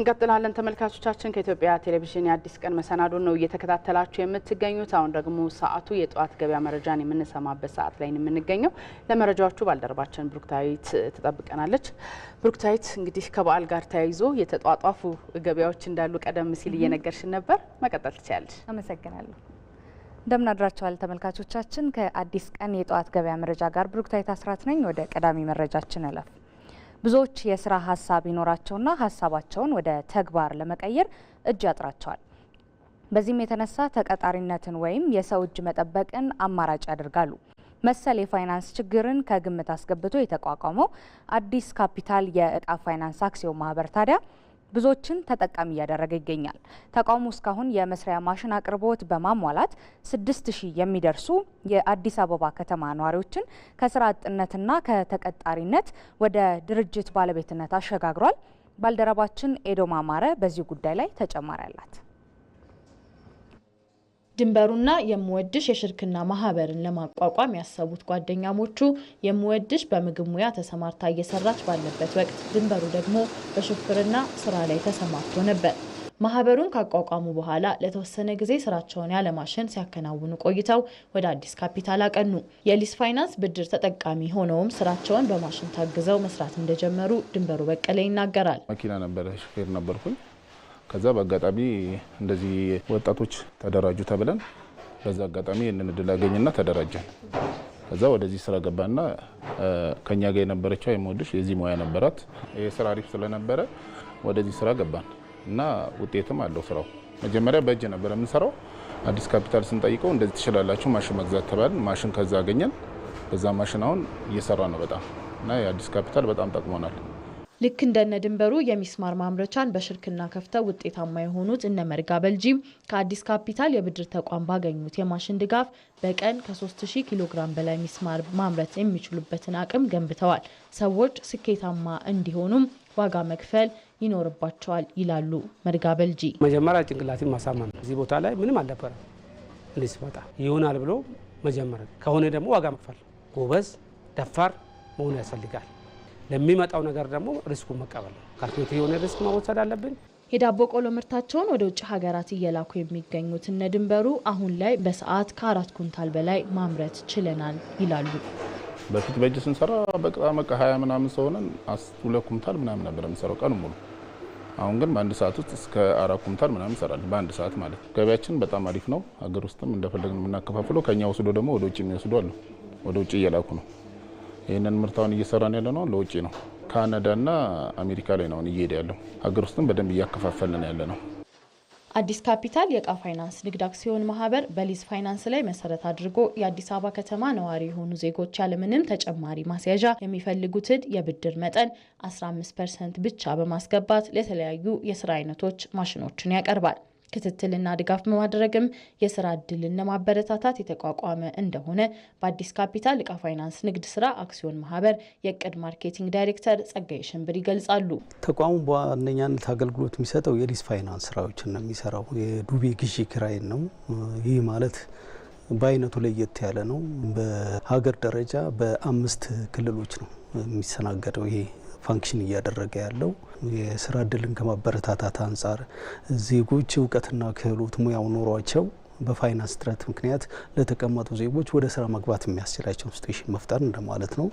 እንቀጥላለን ተመልካቾቻችን። ከኢትዮጵያ ቴሌቪዥን የአዲስ ቀን መሰናዶን ነው እየተከታተላችሁ የምትገኙት። አሁን ደግሞ ሰዓቱ የጠዋት ገበያ መረጃን የምንሰማበት ሰዓት ላይ ነው የምንገኘው። ለመረጃዎቹ ባልደረባችን ብሩክታዊት ትጠብቀናለች። ብሩክታዊት፣ እንግዲህ ከበዓል ጋር ተያይዞ የተጧጧፉ ገበያዎች እንዳሉ ቀደም ሲል እየነገርሽን ነበር። መቀጠል ትችያለሽ። አመሰግናለሁ። እንደምን አድራችኋል ተመልካቾቻችን። ከአዲስ ቀን የጠዋት ገበያ መረጃ ጋር ብሩክታዊት አስራት ነኝ። ወደ ቀዳሚ መረጃችን አለፍ ብዙዎች የስራ ሀሳብ ይኖራቸውና ሀሳባቸውን ወደ ተግባር ለመቀየር እጅ ያጥራቸዋል። በዚህም የተነሳ ተቀጣሪነትን ወይም የሰው እጅ መጠበቅን አማራጭ ያደርጋሉ። መሰል የፋይናንስ ችግርን ከግምት አስገብቶ የተቋቋመው አዲስ ካፒታል የእቃ ፋይናንስ አክሲዮን ማህበር ታዲያ ብዙዎችን ተጠቃሚ እያደረገ ይገኛል። ተቋሙ እስካሁን የመስሪያ ማሽን አቅርቦት በማሟላት ስድስት ሺህ የሚደርሱ የአዲስ አበባ ከተማ ነዋሪዎችን ከስራ አጥነትና ከተቀጣሪነት ወደ ድርጅት ባለቤትነት አሸጋግሯል። ባልደረባችን ኤዶማማረ በዚህ ጉዳይ ላይ ተጨማሪ አላት። ድንበሩና የምወድሽ የሽርክና ማህበርን ለማቋቋም ያሰቡት ጓደኛሞቹ የምወድሽ በምግብ ሙያ ተሰማርታ እየሰራች ባለበት ወቅት ድንበሩ ደግሞ በሽፍርና ስራ ላይ ተሰማርቶ ነበር። ማህበሩን ካቋቋሙ በኋላ ለተወሰነ ጊዜ ስራቸውን ያለማሽን ሲያከናውኑ ቆይተው ወደ አዲስ ካፒታል አቀኑ። የሊስ ፋይናንስ ብድር ተጠቃሚ ሆነውም ስራቸውን በማሽን ታግዘው መስራት እንደጀመሩ ድንበሩ በቀለ ይናገራል። መኪና ነበረ፣ ሹፌር ነበርኩኝ ከዛ በአጋጣሚ እንደዚህ ወጣቶች ተደራጁ ተብለን በዛ አጋጣሚ ይህንን እድል አገኝና ተደራጀን። ከዛ ወደዚህ ስራ ገባና ከኛ ጋር የነበረችው የምወድሽ የዚህ ሙያ ነበራት። ይህ ስራ አሪፍ ስለነበረ ወደዚህ ስራ ገባን እና ውጤትም አለው ስራው። መጀመሪያ በእጅ ነበር የምንሰራው። አዲስ ካፒታል ስንጠይቀው እንደዚህ ትችላላችሁ ማሽን መግዛት ተባልን። ማሽን ከዛ አገኘን። በዛ ማሽን አሁን እየሰራ ነው በጣም እና የአዲስ ካፒታል በጣም ጠቅሞናል። ልክ እንደነ ድንበሩ የሚስማር ማምረቻን በሽርክና ከፍተው ውጤታማ የሆኑት እነ መርጋ በልጂም ከአዲስ ካፒታል የብድር ተቋም ባገኙት የማሽን ድጋፍ በቀን ከ3000 ኪሎ ግራም በላይ ሚስማር ማምረት የሚችሉበትን አቅም ገንብተዋል። ሰዎች ስኬታማ እንዲሆኑም ዋጋ መክፈል ይኖርባቸዋል ይላሉ መርጋ በልጂ። መጀመሪያ ጭንቅላትን ማሳመን እዚህ ቦታ ላይ ምንም አልነበረም። እንዲህ ስመጣ ይሆናል ብሎ መጀመር ከሆነ ደግሞ ዋጋ መክፈል፣ ጎበዝ ደፋር መሆኑ ያስፈልጋል። ለሚመጣው ነገር ደግሞ ሪስኩ መቀበል ነው። ካልኩሌት የሆነ ሪስክ መወሰድ አለብን። የዳቦ ቆሎ ምርታቸውን ወደ ውጭ ሀገራት እየላኩ የሚገኙት እነ ድንበሩ አሁን ላይ በሰዓት ከአራት ኩንታል በላይ ማምረት ችለናል ይላሉ። በፊት በእጅ ስንሰራ በቅጣም መቀ ሀያ ምናምን ሰሆነን ሁለት ኩንታል ምናምን ነበር የምንሰራው ቀን ሙሉ። አሁን ግን በአንድ ሰዓት ውስጥ እስከ አራት ኩንታል ምናምን እንሰራለን፣ በአንድ ሰዓት ማለት ነው። ገበያችን በጣም አሪፍ ነው። ሀገር ውስጥም እንደፈለግን የምናከፋፍለው ከኛ ወስዶ ደግሞ ወደ ውጭ የሚወስዱ አሉ። ወደ ውጭ እየላኩ ነው። ይህንን ምርታውን እየሰራን ያለ ነው ለውጭ ነው። ካናዳና አሜሪካ ላይ ነው እየሄደ ያለው። ሀገር ውስጥም በደንብ እያከፋፈልን ያለ ነው። አዲስ ካፒታል የእቃ ፋይናንስ ንግድ አክሲዮን ማህበር በሊዝ ፋይናንስ ላይ መሰረት አድርጎ የአዲስ አበባ ከተማ ነዋሪ የሆኑ ዜጎች ያለምንም ተጨማሪ ማስያዣ የሚፈልጉትን የብድር መጠን 15 ፐርሰንት ብቻ በማስገባት ለተለያዩ የስራ አይነቶች ማሽኖችን ያቀርባል። ክትትልና ድጋፍ በማድረግም የስራ እድልን ለማበረታታት የተቋቋመ እንደሆነ በአዲስ ካፒታል እቃ ፋይናንስ ንግድ ስራ አክሲዮን ማህበር የእቅድ ማርኬቲንግ ዳይሬክተር ጸጋይ ሽንብር ይገልጻሉ። ተቋሙ በዋነኛነት አገልግሎት የሚሰጠው የሊስ ፋይናንስ ስራዎችን ነው የሚሰራው። የዱቤ ግዢ ክራይን ነው። ይህ ማለት በአይነቱ ለየት ያለ ነው። በሀገር ደረጃ በአምስት ክልሎች ነው የሚሰናገደው ይሄ ፋንክሽን እያደረገ ያለው የስራ እድልን ከማበረታታት አንጻር ዜጎች እውቀትና ክህሎት ሙያው ኖሯቸው በፋይናንስ እጥረት ምክንያት ለተቀመጡ ዜጎች ወደ ስራ መግባት የሚያስችላቸውን ስቴሽን መፍጠር እንደማለት ነው።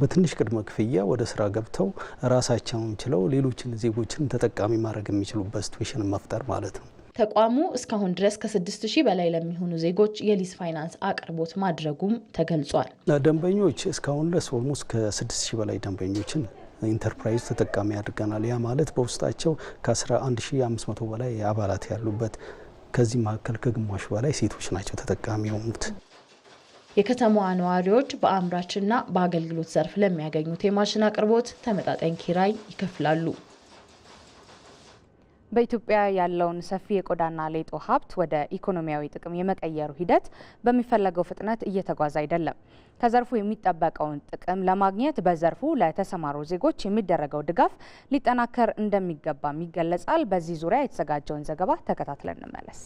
በትንሽ ቅድመ ክፍያ ወደ ስራ ገብተው ራሳቸውን ችለው ሌሎችን ዜጎችን ተጠቃሚ ማድረግ የሚችሉበት ስቴሽን መፍጠር ማለት ነው። ተቋሙ እስካሁን ድረስ 6 ሺህ በላይ ለሚሆኑ ዜጎች የሊዝ ፋይናንስ አቅርቦት ማድረጉም ተገልጿል። ደንበኞች እስካሁን ድረስ ኦልሞስት ከስድስት ሺህ በላይ ደንበኞችን ኢንተርፕራይዝ ተጠቃሚ አድርገናል። ያ ማለት በውስጣቸው ከ11500 በላይ አባላት ያሉበት ከዚህ መካከል ከግማሹ በላይ ሴቶች ናቸው ተጠቃሚ የሆኑት። የከተማዋ ነዋሪዎች በአምራችና በአገልግሎት ዘርፍ ለሚያገኙት የማሽን አቅርቦት ተመጣጣኝ ኪራይ ይከፍላሉ። በኢትዮጵያ ያለውን ሰፊ የቆዳና ሌጦ ሀብት ወደ ኢኮኖሚያዊ ጥቅም የመቀየሩ ሂደት በሚፈለገው ፍጥነት እየተጓዘ አይደለም። ከዘርፉ የሚጠበቀውን ጥቅም ለማግኘት በዘርፉ ለተሰማሩ ዜጎች የሚደረገው ድጋፍ ሊጠናከር እንደሚገባም ይገለጻል። በዚህ ዙሪያ የተዘጋጀውን ዘገባ ተከታትለን እንመለስ።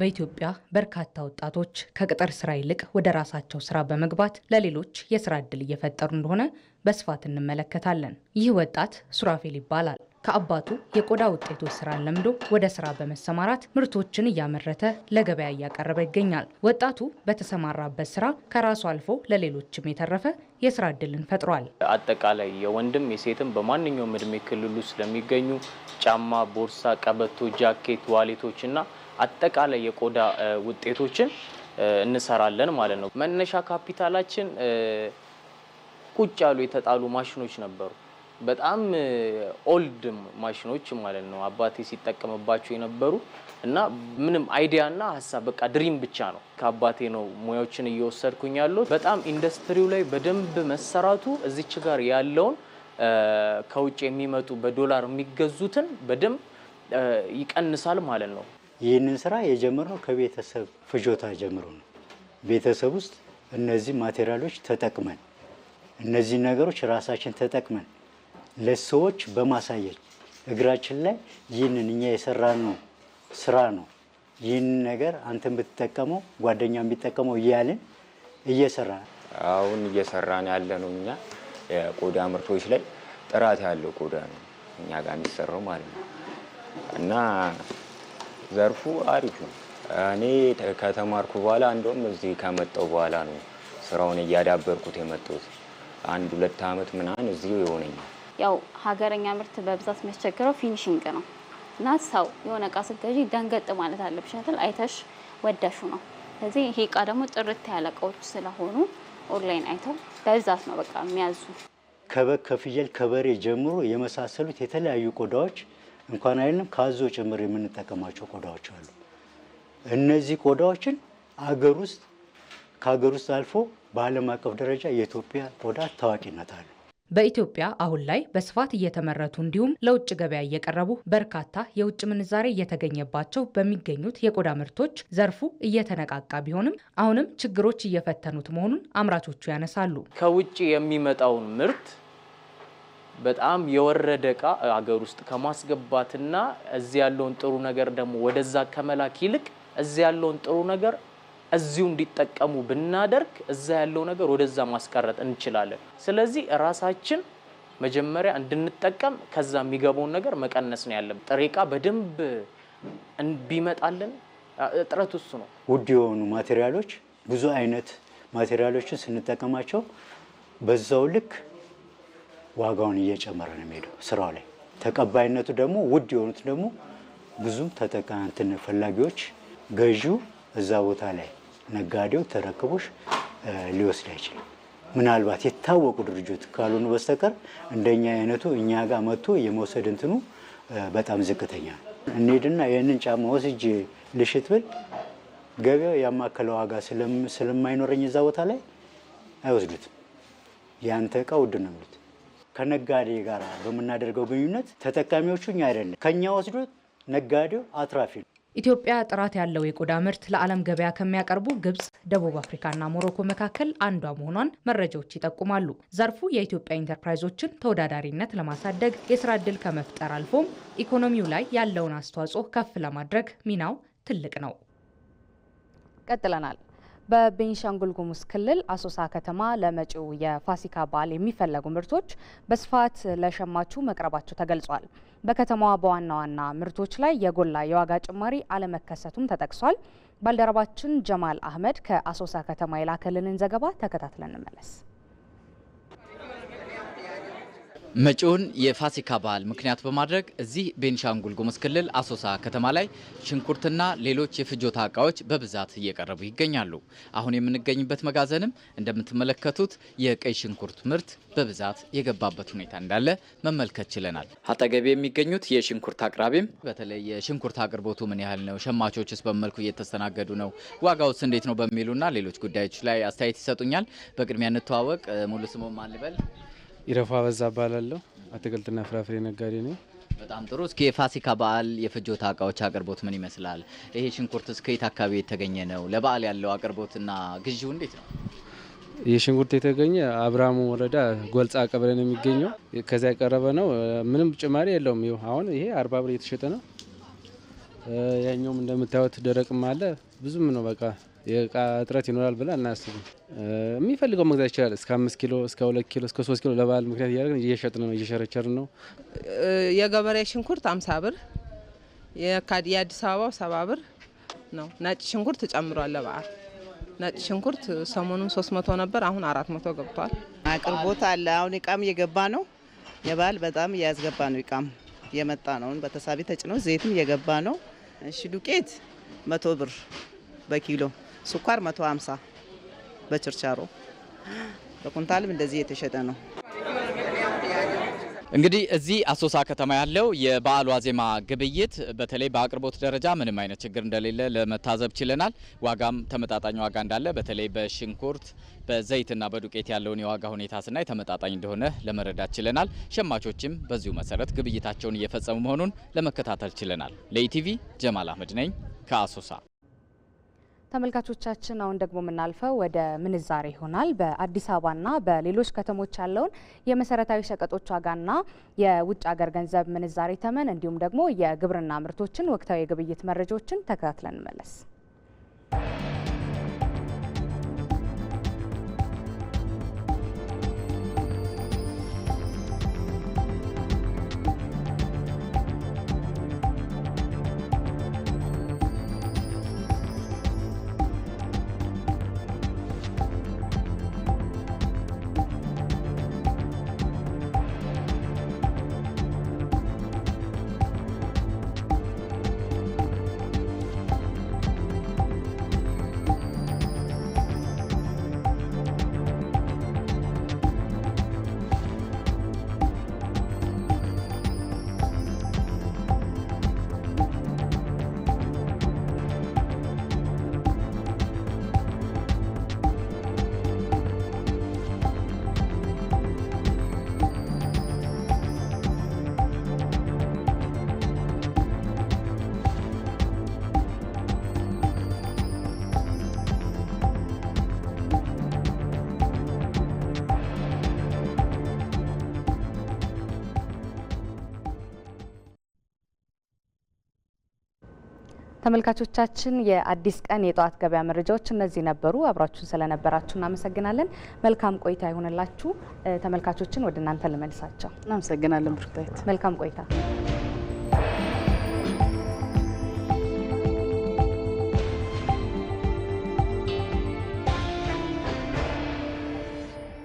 በኢትዮጵያ በርካታ ወጣቶች ከቅጥር ስራ ይልቅ ወደ ራሳቸው ስራ በመግባት ለሌሎች የስራ ዕድል እየፈጠሩ እንደሆነ በስፋት እንመለከታለን። ይህ ወጣት ሱራፌል ይባላል። ከአባቱ የቆዳ ውጤቶች ስራን ለምዶ ወደ ስራ በመሰማራት ምርቶችን እያመረተ ለገበያ እያቀረበ ይገኛል። ወጣቱ በተሰማራበት ስራ ከራሱ አልፎ ለሌሎችም የተረፈ የስራ እድልን ፈጥሯል። አጠቃላይ የወንድም የሴትም በማንኛውም እድሜ ክልሉ ስለሚገኙ ጫማ፣ ቦርሳ፣ ቀበቶ፣ ጃኬት፣ ዋሌቶች እና አጠቃላይ የቆዳ ውጤቶችን እንሰራለን ማለት ነው። መነሻ ካፒታላችን ቁጭ ያሉ የተጣሉ ማሽኖች ነበሩ። በጣም ኦልድ ማሽኖች ማለት ነው አባቴ ሲጠቀምባቸው የነበሩ እና ምንም አይዲያና ሀሳብ በቃ ድሪም ብቻ ነው። ከአባቴ ነው ሙያዎችን እየወሰድኩኝ ያለው። በጣም ኢንዱስትሪው ላይ በደንብ መሰራቱ እዚች ጋር ያለውን ከውጭ የሚመጡ በዶላር የሚገዙትን በደንብ ይቀንሳል ማለት ነው። ይህንን ስራ የጀመረው ከቤተሰብ ፍጆታ ጀምሮ ነው። ቤተሰብ ውስጥ እነዚህ ማቴሪያሎች ተጠቅመን እነዚህ ነገሮች ራሳችን ተጠቅመን ለሰዎች በማሳየት እግራችን ላይ ይህንን እኛ የሰራነው ስራ ነው፣ ይህንን ነገር አንተን ብትጠቀመው ጓደኛ ቢጠቀመው እያልን እየሰራ አሁን እየሰራን ያለ ነው። እኛ የቆዳ ምርቶች ላይ ጥራት ያለው ቆዳ ነው እኛ ጋር የሚሰራው ማለት ነው እና ዘርፉ አሪፍ ነው። እኔ ከተማርኩ በኋላ እንደውም እዚህ ከመጣሁ በኋላ ነው ስራውን እያዳበርኩት የመጣሁት። አንድ ሁለት አመት ምናምን እዚሁ የሆነኛል። ያው ሀገረኛ ምርት በብዛት የሚያስቸግረው ፊኒሽንግ ነው እና ሰው የሆነ እቃ ስትገዢ ደንገጥ ማለት አለብሽ አይደል? አይተሽ ወደሹ ነው። ስለዚህ ይሄ እቃ ደግሞ ጥርት ያለ እቃዎች ስለሆኑ ኦንላይን አይተው በብዛት ነው በቃ የሚያዙ። ከበግ ከፍየል ከበሬ ጀምሮ የመሳሰሉት የተለያዩ ቆዳዎች እንኳን አይልም ከአዞ ጭምር የምንጠቀማቸው ቆዳዎች አሉ። እነዚህ ቆዳዎችን አገር ውስጥ ከሀገር ውስጥ አልፎ በዓለም አቀፍ ደረጃ የኢትዮጵያ ቆዳ ታዋቂነት አለው። በኢትዮጵያ አሁን ላይ በስፋት እየተመረቱ እንዲሁም ለውጭ ገበያ እየቀረቡ በርካታ የውጭ ምንዛሬ እየተገኘባቸው በሚገኙት የቆዳ ምርቶች ዘርፉ እየተነቃቃ ቢሆንም አሁንም ችግሮች እየፈተኑት መሆኑን አምራቾቹ ያነሳሉ። ከውጭ የሚመጣውን ምርት በጣም የወረደ እቃ አገር ውስጥ ከማስገባትና እዚህ ያለውን ጥሩ ነገር ደግሞ ወደዛ ከመላክ ይልቅ እዚህ ያለውን ጥሩ ነገር እዚሁ እንዲጠቀሙ ብናደርግ እዛ ያለው ነገር ወደዛ ማስቀረጥ እንችላለን። ስለዚህ ራሳችን መጀመሪያ እንድንጠቀም ከዛ የሚገባውን ነገር መቀነስ ነው ያለም። ጥሬ ዕቃ በደንብ ቢመጣልን እጥረት እሱ ነው። ውድ የሆኑ ማቴሪያሎች ብዙ አይነት ማቴሪያሎችን ስንጠቀማቸው በዛው ልክ ዋጋውን እየጨመረ ነው የሚሄደው ስራው ላይ ተቀባይነቱ ደግሞ ውድ የሆኑት ደግሞ ብዙም ተጠቃንትን ፈላጊዎች ገዢው እዛ ቦታ ላይ ነጋዴው ተረክቦሽ ሊወስድ አይችልም። ምናልባት የታወቁ ድርጅት ካልሆኑ በስተቀር እንደኛ አይነቱ እኛ ጋር መጥቶ የመውሰድ እንትኑ በጣም ዝቅተኛ ነው። ይህንን ጫማ ወስጄ ልሽት ብል ገበያው ያማከለ ዋጋ ስለማይኖረኝ እዛ ቦታ ላይ አይወስዱትም። ያንተ እቃ ውድ ነው የሚሉት። ከነጋዴ ጋር በምናደርገው ግንኙነት ተጠቃሚዎቹ እኛ አይደለም። ከእኛ ወስዶ ነጋዴው አትራፊ ነው። ኢትዮጵያ ጥራት ያለው የቆዳ ምርት ለዓለም ገበያ ከሚያቀርቡ ግብጽ፣ ደቡብ አፍሪካና ሞሮኮ መካከል አንዷ መሆኗን መረጃዎች ይጠቁማሉ። ዘርፉ የኢትዮጵያ ኢንተርፕራይዞችን ተወዳዳሪነት ለማሳደግ የስራ ዕድል ከመፍጠር አልፎም ኢኮኖሚው ላይ ያለውን አስተዋጽኦ ከፍ ለማድረግ ሚናው ትልቅ ነው። ቀጥለናል። በቤንሻንጉል ጉሙዝ ክልል አሶሳ ከተማ ለመጪው የፋሲካ በዓል የሚፈለጉ ምርቶች በስፋት ለሸማቹ መቅረባቸው ተገልጿል። በከተማዋ በዋና ዋና ምርቶች ላይ የጎላ የዋጋ ጭማሪ አለመከሰቱም ተጠቅሷል። ባልደረባችን ጀማል አህመድ ከአሶሳ ከተማ የላከልንን ዘገባ ተከታትለን እንመለስ። መጪውን የፋሲካ በዓል ምክንያት በማድረግ እዚህ ቤኒሻንጉል ጉሙዝ ክልል አሶሳ ከተማ ላይ ሽንኩርትና ሌሎች የፍጆታ እቃዎች በብዛት እየቀረቡ ይገኛሉ። አሁን የምንገኝበት መጋዘንም እንደምትመለከቱት የቀይ ሽንኩርት ምርት በብዛት የገባበት ሁኔታ እንዳለ መመልከት ችለናል። አጠገቤ የሚገኙት የሽንኩርት አቅራቢም በተለይ የሽንኩርት አቅርቦቱ ምን ያህል ነው፣ ሸማቾችስ በመልኩ እየተስተናገዱ ነው፣ ዋጋውስ እንዴት ነው በሚሉና ሌሎች ጉዳዮች ላይ አስተያየት ይሰጡኛል። በቅድሚያ እንተዋወቅ። ሙሉ ስሙ ማን ልበል? ይረፋ በዛ እባላለሁ። አትክልትና ፍራፍሬ ነጋዴ ነኝ። በጣም ጥሩ። እስኪ የፋሲካ በዓል የፍጆታ እቃዎች አቅርቦት ምን ይመስላል? ይሄ ሽንኩርት እስከ የት አካባቢ የተገኘ ነው? ለበዓል ያለው አቅርቦትና ግዢው እንዴት ነው? ይህ ሽንኩርት የተገኘ አብርሃሙ ወረዳ ጎልጻ ቀበሌ ነው የሚገኘው። ከዚያ የቀረበ ነው። ምንም ጭማሪ የለውም። ይኸው አሁን ይሄ አርባ ብር እየተሸጠ ነው። ያኛውም እንደምታዩት ደረቅም አለ። ብዙም ነው በቃ የእቃ እጥረት ይኖራል ብለን አናስብም። የሚፈልገው መግዛት ይችላል። እስከ አምስት ኪሎ እስከ ሁለት ኪሎ እስከ ሶስት ኪሎ ለበዓል ምክንያት እያደረግን እየሸጥን ነው እየሸረቸርን ነው። የገበሬ ሽንኩርት አምሳ ብር የአዲስ አበባው ሰባ ብር ነው። ነጭ ሽንኩርት ጨምሯል ለበዓል ነጭ ሽንኩርት ሰሞኑን ሶስት መቶ ነበር፣ አሁን አራት መቶ ገብቷል። አቅርቦት አለ። አሁን እቃም እየገባ ነው። የበዓል በጣም እያስገባ ነው። እቃም እየመጣ ነው። በተሳቢ ተጭኖ ዘይትም እየገባ ነው። እሺ ዱቄት መቶ ብር በኪሎ ስኳር 150 በችርቻሮ በኩንታልም እንደዚህ የተሸጠ ነው። እንግዲህ እዚህ አሶሳ ከተማ ያለው የበዓል ዋዜማ ግብይት በተለይ በአቅርቦት ደረጃ ምንም አይነት ችግር እንደሌለ ለመታዘብ ችለናል። ዋጋም ተመጣጣኝ ዋጋ እንዳለ በተለይ በሽንኩርት በዘይትና በዱቄት ያለውን የዋጋ ሁኔታ ስናይ ተመጣጣኝ እንደሆነ ለመረዳት ችለናል። ሸማቾችም በዚሁ መሰረት ግብይታቸውን እየፈጸሙ መሆኑን ለመከታተል ችለናል። ለኢቲቪ ጀማል አህመድ ነኝ ከአሶሳ። ተመልካቾቻችን አሁን ደግሞ የምናልፈው ወደ ምንዛሬ ይሆናል። በአዲስ አበባና በሌሎች ከተሞች ያለውን የመሰረታዊ ሸቀጦች ዋጋና የውጭ ሀገር ገንዘብ ምንዛሬ ተመን እንዲሁም ደግሞ የግብርና ምርቶችን ወቅታዊ የግብይት መረጃዎችን ተከታትለን መለስ ተመልካቾቻችን የአዲስ ቀን የጠዋት ገበያ መረጃዎች እነዚህ ነበሩ። አብራችሁን ስለነበራችሁ እናመሰግናለን። መልካም ቆይታ ይሆንላችሁ። ተመልካቾችን ወደ እናንተ ልመልሳቸው። እናመሰግናለን ብሩክታዊት። መልካም ቆይታ